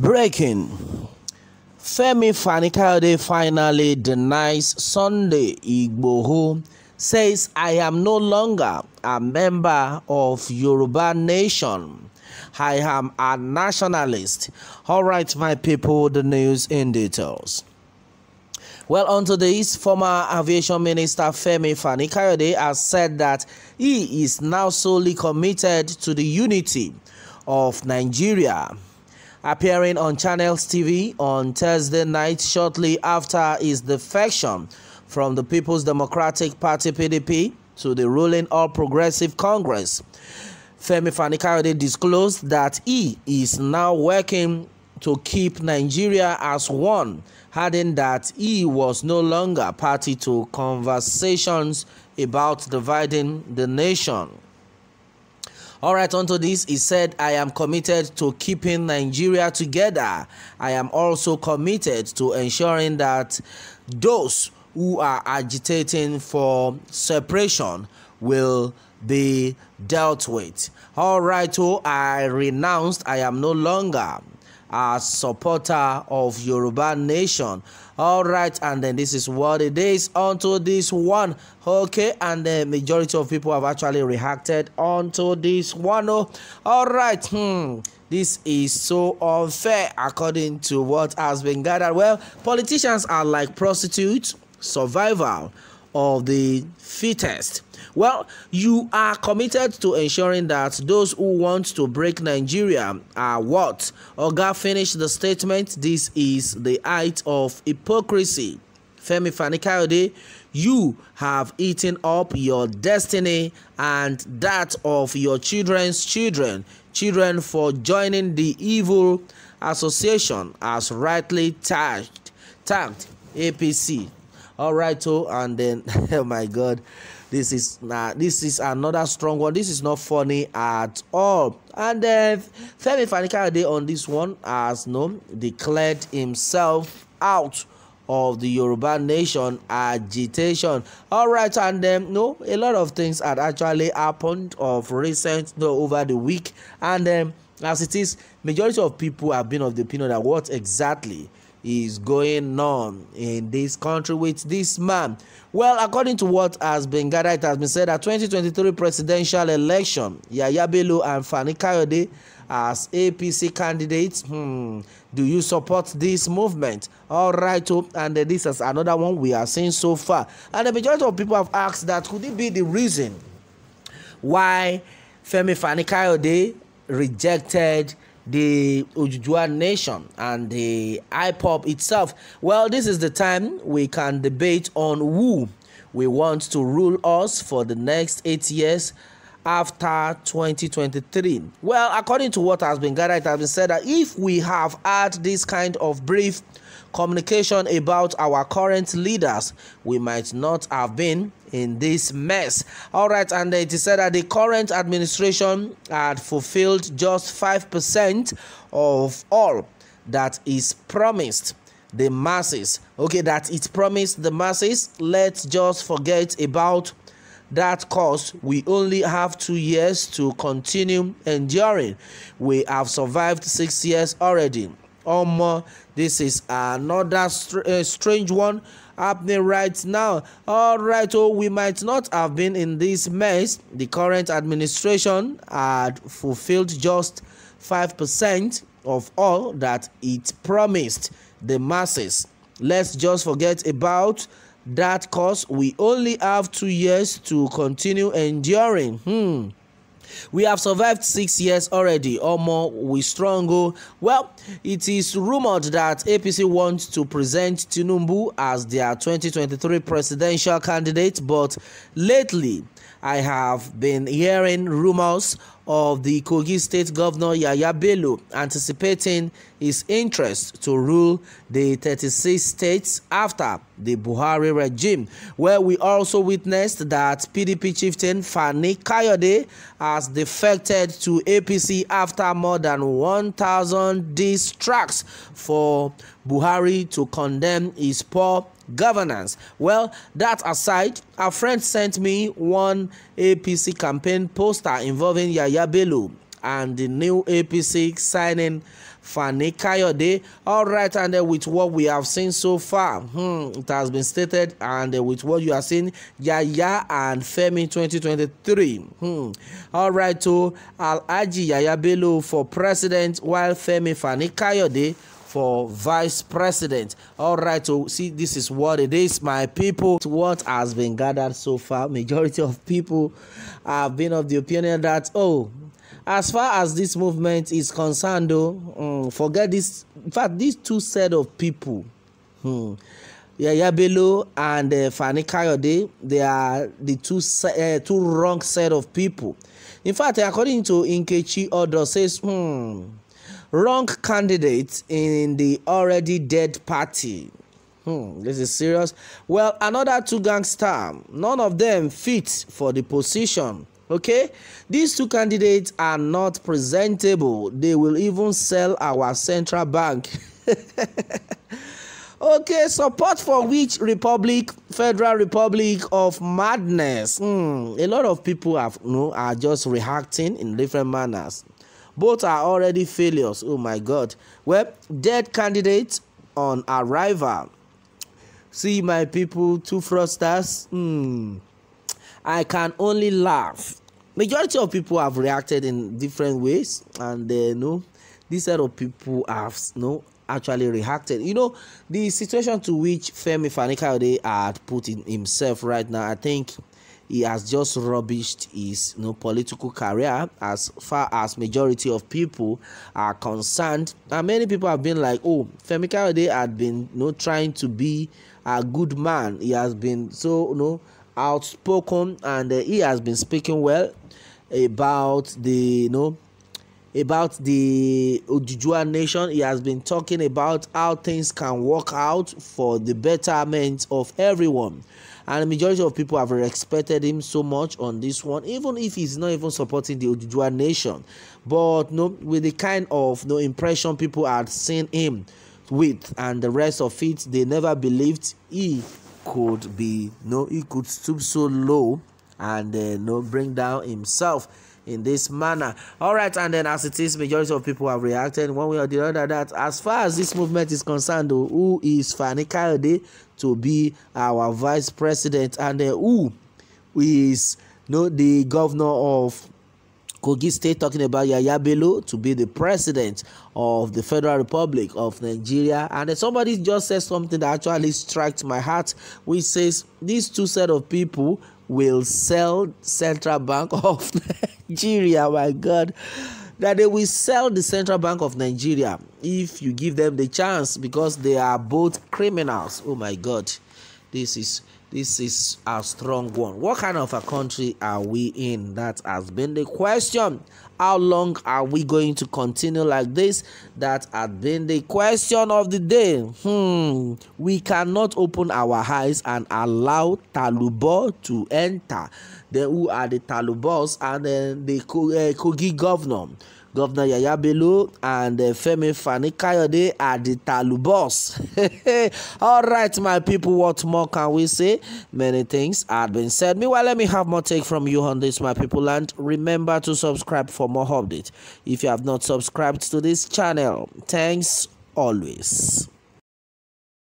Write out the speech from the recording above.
Breaking. Femi Fanikaude finally denies Sunday Igboho, says I am no longer a member of Yoruba Nation. I am a nationalist. All right, my people, the news in details. Well, on this, former aviation minister Femi Fanikaude has said that he is now solely committed to the unity of Nigeria appearing on Channels TV on Thursday night shortly after his defection from the People's Democratic Party PDP to the ruling All Progressive Congress. Femi Fanikaude disclosed that he is now working to keep Nigeria as one, adding that he was no longer party to conversations about dividing the nation. All right, onto this, he said, I am committed to keeping Nigeria together. I am also committed to ensuring that those who are agitating for separation will be dealt with. All right, oh, I renounced, I am no longer a supporter of Yoruba nation. All right, and then this is what it is onto this one. Okay, and the majority of people have actually reacted onto this one. Oh, all right. Hmm. This is so unfair according to what has been gathered. Well, politicians are like prostitutes, survival of the fittest. Well, you are committed to ensuring that those who want to break Nigeria are what? Oga finished the statement. This is the height of hypocrisy. Femi Fanikayode, you have eaten up your destiny and that of your children's children. Children for joining the evil association as rightly tagged, tagged APC all right so oh, and then oh my god this is uh, this is another strong one this is not funny at all and then Femi Fani-Kanode on this one has no declared himself out of the Yoruba nation agitation. All right, and then no, a lot of things had actually happened of recent no, over the week, and then as it is, majority of people have been of the opinion that what exactly is going on in this country with this man. Well, according to what has been gathered, it has been said that 2023 presidential election, Yaya Bello and Fani Kayode as APC candidates. Hmm. Do you support this movement? All right, oh, and this is another one we are seeing so far. And the majority of people have asked that could it be the reason why Femi Fani Kayode rejected the Ojujua nation and the IPOP itself. Well, this is the time we can debate on who we want to rule us for the next eight years after 2023. Well, according to what has been gathered, it has been said that if we have had this kind of brief communication about our current leaders, we might not have been in this mess. All right, and it is said that the current administration had fulfilled just 5% of all that is promised the masses. Okay, that it promised the masses. Let's just forget about that course we only have two years to continue enduring we have survived six years already omo this is another str uh, strange one happening right now all right oh we might not have been in this mess the current administration had fulfilled just five percent of all that it promised the masses let's just forget about that course we only have two years to continue enduring. Hmm. We have survived six years already. Omo, we strong. Oh. Well, it is rumored that APC wants to present Tinubu as their 2023 presidential candidate, but lately I have been hearing rumors of the Kogi State Governor Yaya Bello, anticipating his interest to rule the 36 states after the Buhari regime, where we also witnessed that PDP chieftain Fani Kayode has defected to APC after more than 1,000 distracts for Buhari to condemn his poor governance. Well, that aside, a friend sent me one APC campaign poster involving Yaya Bello and the new APC signing Fani Kayode. All right, and uh, with what we have seen so far, hmm, it has been stated, and uh, with what you are seeing, Yaya and Femi 2023. Hmm. All right, to so, Alhaji Yaya Bello for president, while Femi Fani Kayode for vice president. All right, so see, this is what it is, my people. What has been gathered so far, majority of people have been of the opinion that, oh, as far as this movement is concerned, though, um, forget this. In fact, these two set of people, hmm, Yaya Bello and uh, Fani Kayode, they are the two uh, two wrong set of people. In fact, according to Inkechi Odo, says, hmm, wrong candidate in the already dead party. Hmm, this is serious. Well, another two gangster, none of them fit for the position. Okay, these two candidates are not presentable. They will even sell our central bank. okay, support for which republic, Federal Republic of Madness? Hmm, a lot of people have you know, are just reacting in different manners. Both are already failures. Oh my God. Well, dead candidate on arrival. See, my people, two fraudsters. Hmm. I can only laugh. Majority of people have reacted in different ways, and they uh, know this set of people have you know, actually reacted. You know, the situation to which Femi Fanikaude had put in himself right now, I think he has just rubbished his you know, political career as far as majority of people are concerned and many people have been like oh Femi Kayode had been you know, trying to be a good man he has been so you know outspoken and uh, he has been speaking well about the you know about the Ojibwa nation. He has been talking about how things can work out for the betterment of everyone. And the majority of people have respected him so much on this one, even if he's not even supporting the Ojibwa nation. But no, with the kind of no impression people had seen him with and the rest of it, they never believed he could be no, he could stoop so low and uh, no bring down himself in this manner. All right, and then as it is, majority of people have reacted one way or the other that as far as this movement is concerned, though, who is Fani Kaode to be our vice president and uh, who is you know, the governor of Kogi State talking about Yaya Bello to be the president of the Federal Republic of Nigeria. And somebody just said something that actually struck my heart, which says these two set of people will sell Central Bank of Nigeria. My God. That they will sell the Central Bank of Nigeria if you give them the chance because they are both criminals. Oh my God. This is This is a strong one. What kind of a country are we in? That has been the question. How long are we going to continue like this? That has been the question of the day. Hmm. We cannot open our eyes and allow Talubo to enter. Then who are the Talubos and then uh, the uh, Kogi governor? Governor Yaya Bello and uh, Femi Fani Kayode are the Talubos. All right, my people, what more can we say? Many things have been said. Meanwhile, let me have more take from you on this, my people, and remember to subscribe for more updates. If you have not subscribed to this channel, thanks always.